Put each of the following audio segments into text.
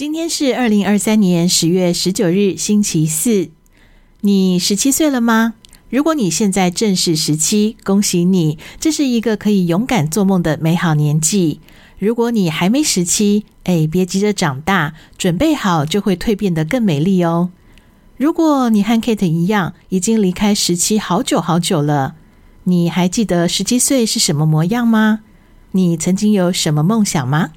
今天是二零二三年十月十九日，星期四。你十七歲了嗎？如果你現在正是十七，恭喜你，這是一個可以勇敢做夢的美好年紀。如果你還沒十七，哎，別急着長大，準備好就會蛻變得更美麗哦。如果你和 Kate 一樣，已經離開十七好久好久了，你還記得十七歲是什麼模樣嗎？你曾經有什麼夢想嗎？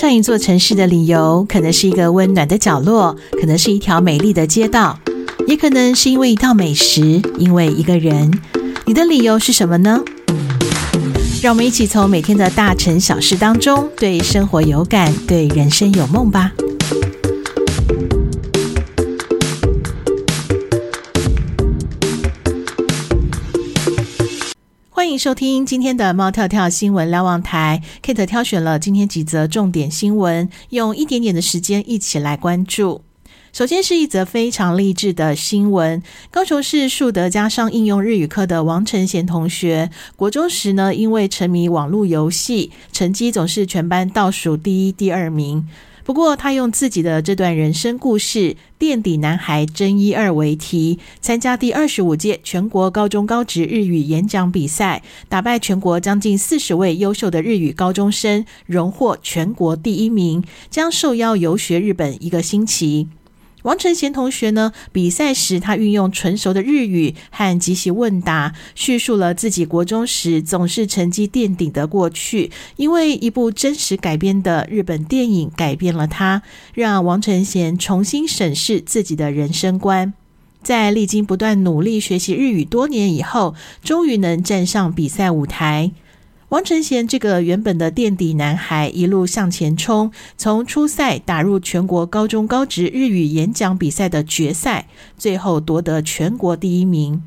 上一座城市的理由，可能是一個溫暖的角落，可能是一條美麗的街道，也可能是因為一道美食，因為一個人。你的理由是什麼呢？讓我們一起從每天的大城小事當中，對生活有感，對人生有夢吧。歡迎收聽今天的《貓跳跳新聞瞭望台》，Kate 挑選了今天幾則重點新聞，用一點點的時間一起來關注。首先是一則非常勵志的新聞：高雄市樹德加上應用日語課的王丞賢同學，國中時呢因為沉迷網絡遊戲，成績總是全班倒數第一、第二名。不過，他用自己的這段人生故事“墊底男孩爭一二”為題，參加第二十五屆全國高中高職日語演講比賽，打敗全國將近四十位優秀的日語高中生，榮獲全國第一名，將受邀遊學日本一個星期。王丞賢同學呢，比賽時，他運用純熟的日語和即席問答，敘述了自己國中時總是成績墊底的過去。因為一部真實改編的日本電影改變了他，讓王丞賢重新審視自己的人生觀。在歷經不斷努力學習日語多年以後，終於能站上比賽舞台。王丞賢這個原本的墊底男孩，一路向前衝，從初賽打入全國高中高職日語演講比賽的決賽，最後奪得全國第一名。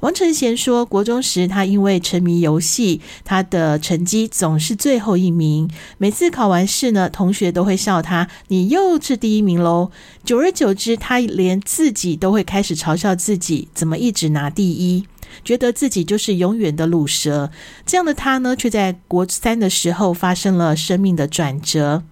王丞賢說，國中時他因為沉迷遊戲，他的成績總是最後一名。每次考完試呢，同學都會笑他：“你又是第一名嘍。”久而久之，他連自己都會開始嘲笑自己：“怎麼一直拿第一？”覺得自己就是永遠的魯蛇。這樣的他呢，卻在國三的時候發生了生命的轉折。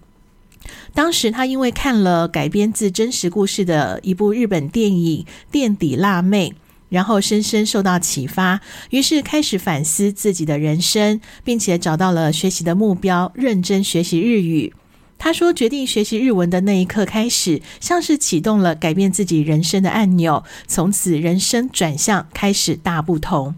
當時他因為看了改編自真實故事的一部日本電影《墊底辣妹》，然後深深受到啟發，於是開始反思自己的人生，並且找到了學習的目標，認真學習日語。他說：“決定學習日文的那一刻開始，像是啟動了改變自己人生的按鈕，從此人生轉向，開始大不同。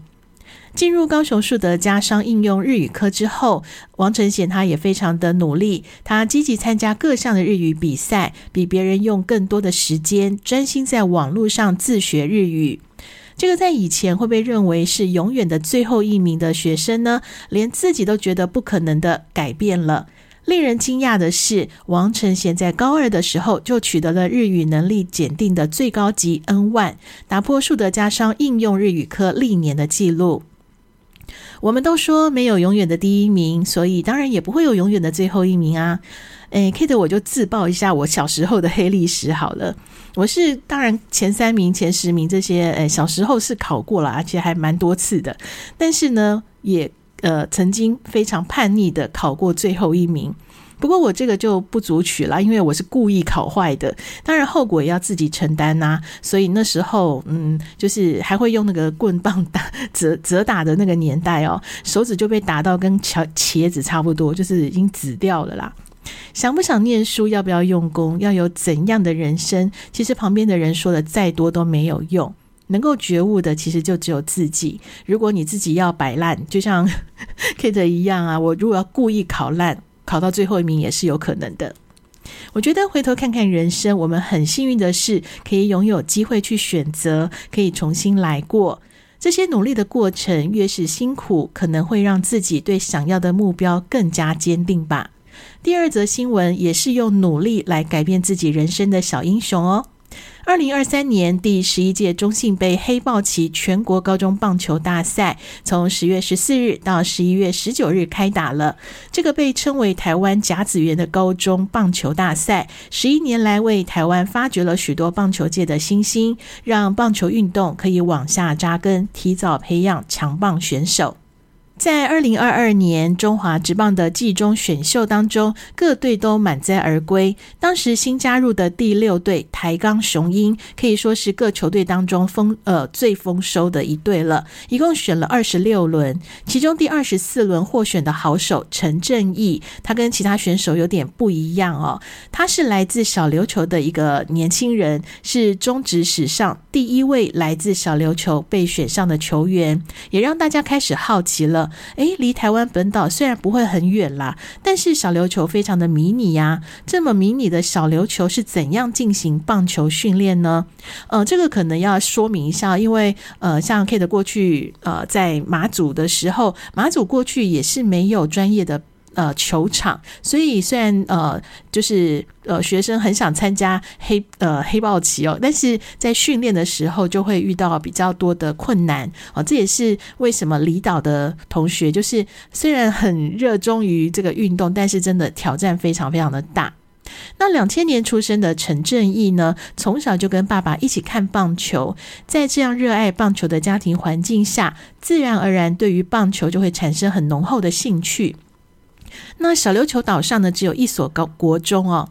進入高雄樹德家商應用日語科之後，王丞賢他也非常的努力，他積極參加各項的日語比賽，比別人用更多的時間專心在網絡上自學日語。這個在以前會被認為是永遠的最後一名的學生呢，連自己都覺得不可能的，改變了。”令人驚訝的是，王丞賢在高二的時候就取得了日語能力檢定的最高級 N one，打破樹德家商應用日語科歷年的記錄。我們都說沒有永遠的第一名，所以當然也不會有永遠的最後一名啊。誒 Kate 我就自曝一下我小時候的黑歷史好了。我是當然前三名、前十名這些，誒、欸，小時候是考過了，而且還蠻多次的，但是呢，也。呃，曾經非常叛逆的考過最後一名，不過我這個就不足取啦，因為我是故意考壞的，當然後果也要自己承擔吶、啊。所以那時候，嗯，就是還會用那個棍棒打、折、折打的那個年代哦，手指就被打到跟茄茄子差不多，就是已經紫掉了啦。想不想念書，要不要用功，要有怎樣的人生，其實旁邊的人說得再多都沒有用。能夠覺悟的，其實就只有自己。如果你自己要擺爛，就像 Kate 一樣啊，我如果要故意考爛，考到最後一名也是有可能的。我覺得回頭看看人生，我們很幸運的是可以擁有機會去選擇，可以重新來過。這些努力的過程越是辛苦，可能會讓自己對想要的目標更加堅定吧。第二則新聞也是用努力來改變自己人生的小英雄哦。二零二三年第十一屆中信杯黑豹旗全國高中棒球大賽從十月十四日到十一月十九日開打了。這個被稱為台灣甲子園的高中棒球大賽，十一年來為台灣發掘了許多棒球界的新星，讓棒球運動可以往下扎根，提早培養強棒選手。在二零二二年中華職棒的季中選秀當中，各隊都滿載而歸。當時新加入的第六隊台鋼雄鷹可以說是各球隊當中豐呃最豐收的一隊了，一共選了二十六輪，其中第二十四輪獲選的好手陳正義，他跟其他選手有點不一樣哦，他是來自小琉球的一個年輕人，是中職史上第一位來自小琉球被選上的球員，也讓大家開始好奇了。誒，離台灣本島雖然不會很遠啦，但是小琉球非常的迷你呀。這麼迷你的小琉球是怎樣進行棒球訓練呢？呃，這個可能要說明一下，因為呃，像 Kate 過去呃在馬祖的時候，馬祖過去也是沒有專業的。呃，球場，所以雖然呃，就是呃，學生很想參加黑呃黑豹旗哦，但是在訓練的時候就會遇到比較多的困難哦。這也是為什麼離島的同學，就是雖然很熱衷於這個運動，但是真的挑戰非常非常的大。那兩千年出生的陳正義呢，從小就跟爸爸一起看棒球，在這樣熱愛棒球的家庭環境下，自然而然對於棒球就會產生很濃厚的興趣。那小琉球島上呢，只有一所高國中哦，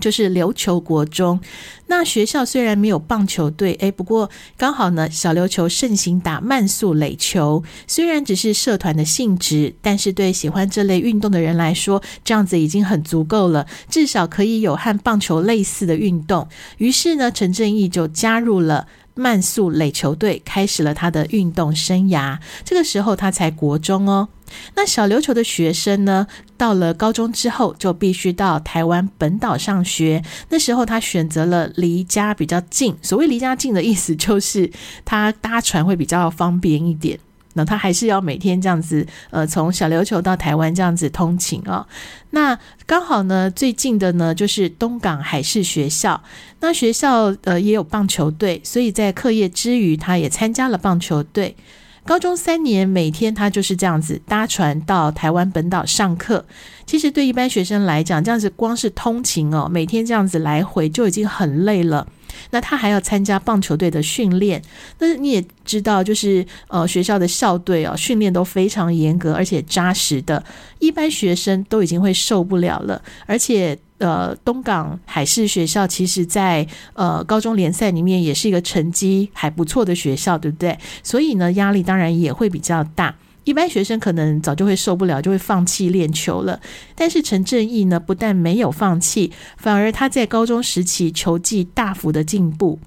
就是琉球國中。那學校雖然沒有棒球隊，誒、欸，不過剛好呢，小琉球盛行打慢速壘球，雖然只是社團的性質，但是對喜歡這類運動的人來說，這樣子已經很足夠了，至少可以有和棒球類似的運動。於是呢，陳正義就加入了。慢速壘球隊開始了他的運動生涯。這個時候他才國中哦。那小琉球的學生呢，到了高中之後就必須到台灣本島上學。那時候他選擇了離家比較近，所謂離家近的意思就是他搭船會比較方便一點。那他還是要每天這樣子，呃，從小琉球到台灣這樣子通勤啊、哦。那剛好呢，最近的呢就是東港海事學校。那學校呃也有棒球隊，所以在課業之餘，他也參加了棒球隊。高中三年，每天他就是這樣子搭船到台灣本島上課。其實對一般學生來講，這樣子光是通勤哦，每天這樣子來回就已經很累了。那他還要參加棒球隊的訓練，那你也知道，就是呃學校的校隊哦，訓練都非常嚴格而且紮實的，一般學生都已經會受不了了。而且呃，東港海事學校其實在，在呃高中聯賽裡面也是一個成績還不錯的學校，對不對？所以呢，壓力當然也會比較大。一般學生可能早就會受不了，就會放棄練球了。但是陳正義呢，不但沒有放棄，反而他在高中時期球技大幅的進步。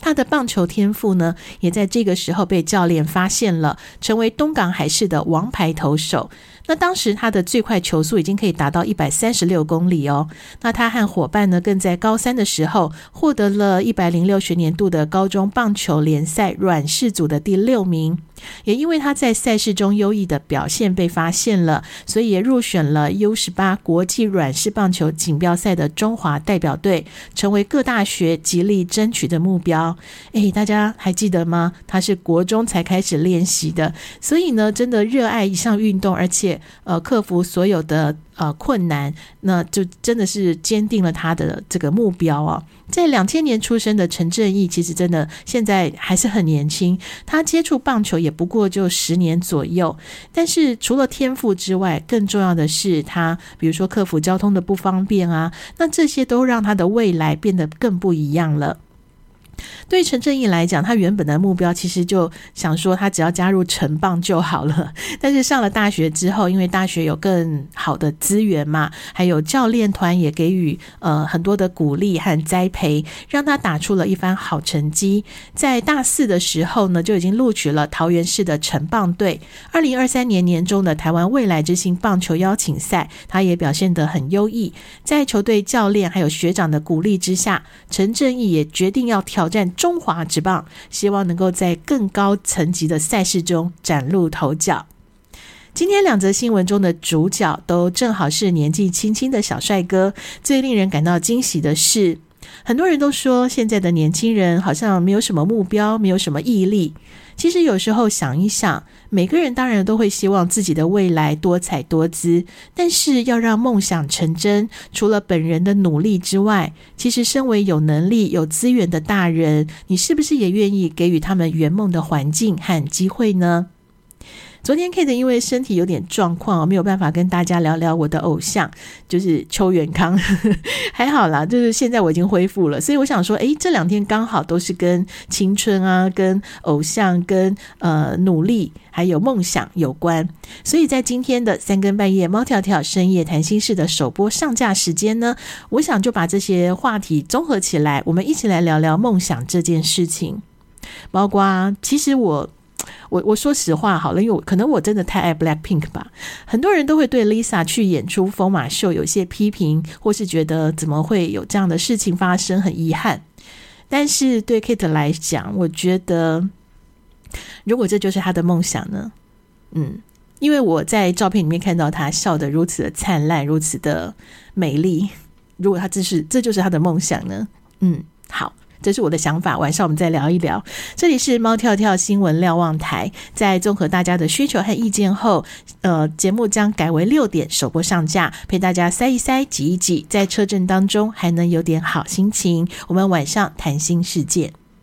他的棒球天賦呢，也在這個時候被教練發現了，成為東港海事的王牌投手。那當時他的最快球速已經可以達到一百三十六公里哦。那他和夥伴呢，更在高三的時候獲得了一百零六學年度的高中棒球聯賽軟式組的第六名。也因為他在賽事中優異的表現被發現了，所以也入選了 U 十八國際軟式棒球錦標賽的中華代表隊，成為各大學極力爭取的目標。誒，大家還記得嗎？他是國中才開始練習的，所以呢，真的熱愛一項運動，而且呃，克服所有的呃困難，那就真的是堅定了他的這個目標哦。在兩千年出生的陳正義，其實真的現在還是很年輕，他接觸棒球也不過就十年左右。但是除了天賦之外，更重要的是他，比如說克服交通的不方便啊，那這些都讓他的未來變得更不一樣了。對陳正義來講，他原本的目標其實就想說，他只要加入城棒就好了。但是上了大學之後，因為大學有更好的資源嘛，還有教練團也給予呃很多的鼓勵和栽培，讓他打出了一番好成績。在大四的時候呢，就已經錄取了桃園市的城棒隊。二零二三年年中的台灣未來之星棒球邀請賽，他也表現得很優異。在球隊教練還有學長的鼓勵之下，陳正義也決定要挑。戰中華職棒，希望能夠在更高層級的賽事中嶄露頭角。今天兩則新聞中的主角都正好是年紀輕輕的小帥哥。最令人感到驚喜的是，很多人都說現在的年輕人好像沒有什麼目標，沒有什麼毅力。其實有時候想一想，每個人當然都會希望自己的未來多彩多姿，但是要讓夢想成真，除了本人的努力之外，其實身為有能力、有資源的大人，你是不是也願意給予他們圓夢的環境和機會呢？昨天 Kate 因為身體有點狀況，沒有辦法跟大家聊聊我的偶像，就是秋元康呵呵。還好啦，就是現在我已經恢復了，所以我想說，誒，這兩天剛好都是跟青春啊、跟偶像、跟呃努力還有夢想有關，所以在今天的三更半夜、貓跳跳深夜談心事的首播上架時間呢，我想就把這些話題綜合起來，我們一起來聊聊夢想這件事情，包括啊，其實我。我我說實話好了，因為我可能我真的太愛 Black Pink 吧，很多人都會對 Lisa 去演出瘋馬秀有些批評，或是覺得怎麼會有這樣的事情發生，很遺憾。但是對 Kate 來講，我覺得如果這就是她的夢想呢，嗯，因為我在照片裡面看到她笑得如此的燦爛，如此的美麗。如果她這是這就是她的夢想呢，嗯，好。這是我的想法，晚上我們再聊一聊。這裡是貓跳跳新聞瞭望台，在綜合大家的需求和意見後，呃，節目將改為六點首播上架，陪大家塞一塞、擠一擠，在車陣當中還能有點好心情。我們晚上談新世界。